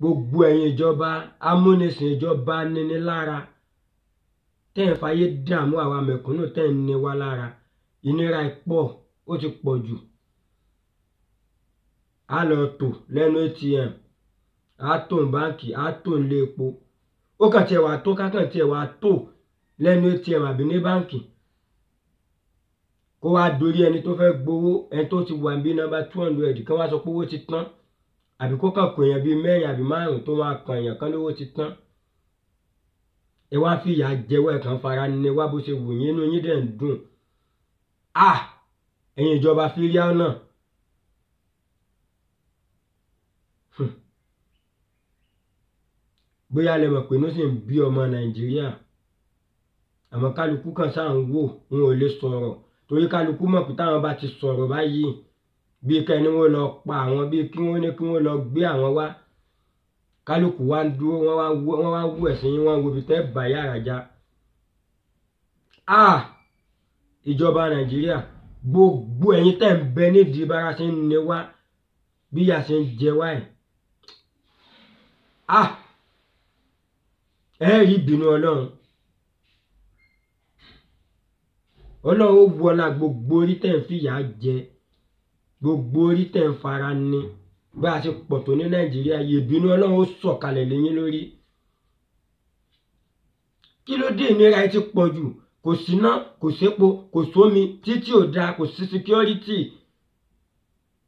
gbogbo ẹ̀yin ìjọba amúnisìn ìjọba nínilára tẹ́ ẹ̀ fàyè dààmú àwa mẹ̀kúnnù tẹ́ ẹ̀ ń ni wá lára ìnira pọ̀ ó ti pọ̀ jù a lọ tò lẹ́nu atm a tò ní báǹkì a tò ní ilé epo ó kàn tiẹ̀ wá tó kákàn tiẹ̀ wá tò lẹ́nu atm àbí ní báǹkì kó wá dorí ẹni tó fẹ́ gbowó ẹni tó ti wà níbi nọ́mbà two hundred kan wá sọ pé owó ti tán àbí kó kàn pé èèyàn bíi mẹ́rin àbí márùn-ún tó máa kàn èèyàn kan lówó ti tán ẹ wá fi ìyà jẹwọ́ ẹ̀kan fara ni wá bó ṣe wù yín inú yín dẹ̀ ń dùn à ah! ẹ̀yin ìjọba fíríà náà hmm. bóyá lè pé inú sì ń bí ọmọ nàìjíríà àmọ́ kálukú kan sáà ń wò wọn ò lè sọ̀rọ̀ torí kálukú mọ̀ pé táwọn bá ti sọ̀rọ̀ báyìí bíi kẹ́ni wọ́n lọ pa àwọn bíi kí wọ́n ní kí wọ́n lọ gbé àwọn wá kálukú wá ń dúró wọ́n wá wú ẹ̀sìn yín wọ́n ń wobi tẹ́ bàyà àràjá. a ah! ìjọba nàìjíríà gbogbo ẹ̀yin tẹ̀ ń bẹ nídìí bára ṣe ń ní wá bí ìyà ṣe ń jẹ wá ẹ̀. a ah! ẹ rí ìbínú ọlọ́run ọlọ́run ó wọlá gbogbo orí tẹ̀ ń fìyà jẹ gbogbo orí tẹ̀ ń fara ni bá a ṣe pọ̀ tó ní nàìjíríà ìbínú ọlọ́run ó sọ̀kalẹ̀ lẹ́yìn lórí kí ló dé ìnira ẹ ti pọ̀ jù kò síná kò sépo kò sómi títí ò dáa kò sí security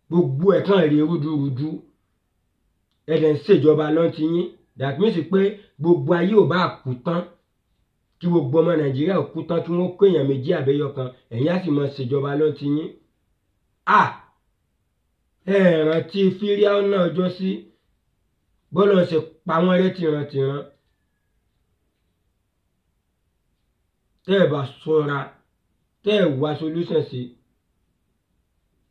gbogbo ẹ̀ kàn rí rúdurùdu ẹ̀dẹ̀ ń ṣèjọba lọ́ntì yín that means pé gbogbo ayé ò bá kú tán kí gbogbo ọmọ nàìjíríà ò kú tán kí wọ́n kó èèyàn méjì àbẹ́yọ kan ẹ̀yìn á sì mọ ṣèjọba lọ́ntì yín ah! ẹ rántí fíríàwọ̀ náà jọ sí bọ́lọ̀ ṣe pa wọ́n rẹ́ tìrantìran tẹ́ ẹ bá ṣọ́ra tẹ́ ẹ wá solúsàn sí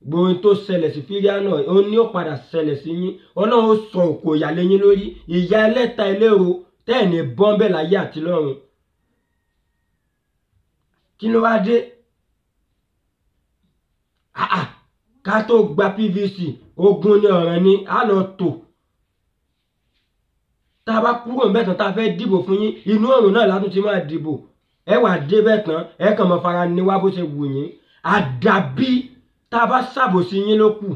gbogbo tó ṣẹlẹ̀ sí fíríà náà ó ní ó padà ṣẹlẹ̀ sí yín ọlọ́run ó sọ òkò ìyàlẹ́ yín lórí ìyá ẹlẹ́ta ẹlẹ́ro tẹ́ ẹ̀ ní bọ́ńbẹ́ láyé àti lọ́run kí ló wá dé ká tó gba PVC ogun ni ọ̀ràn ni á lọ tò tá a bá kúrò ń bẹ̀tàn tá a fẹ́ dìbò fún yín inú ọ̀run náà látún ti máa dìbò ẹ wà dé bẹ̀tàn ẹ kàn mọ́ fara ni wá bó ṣe wù yín àdàbí tá a bá ṣàbòsí yín ló kù.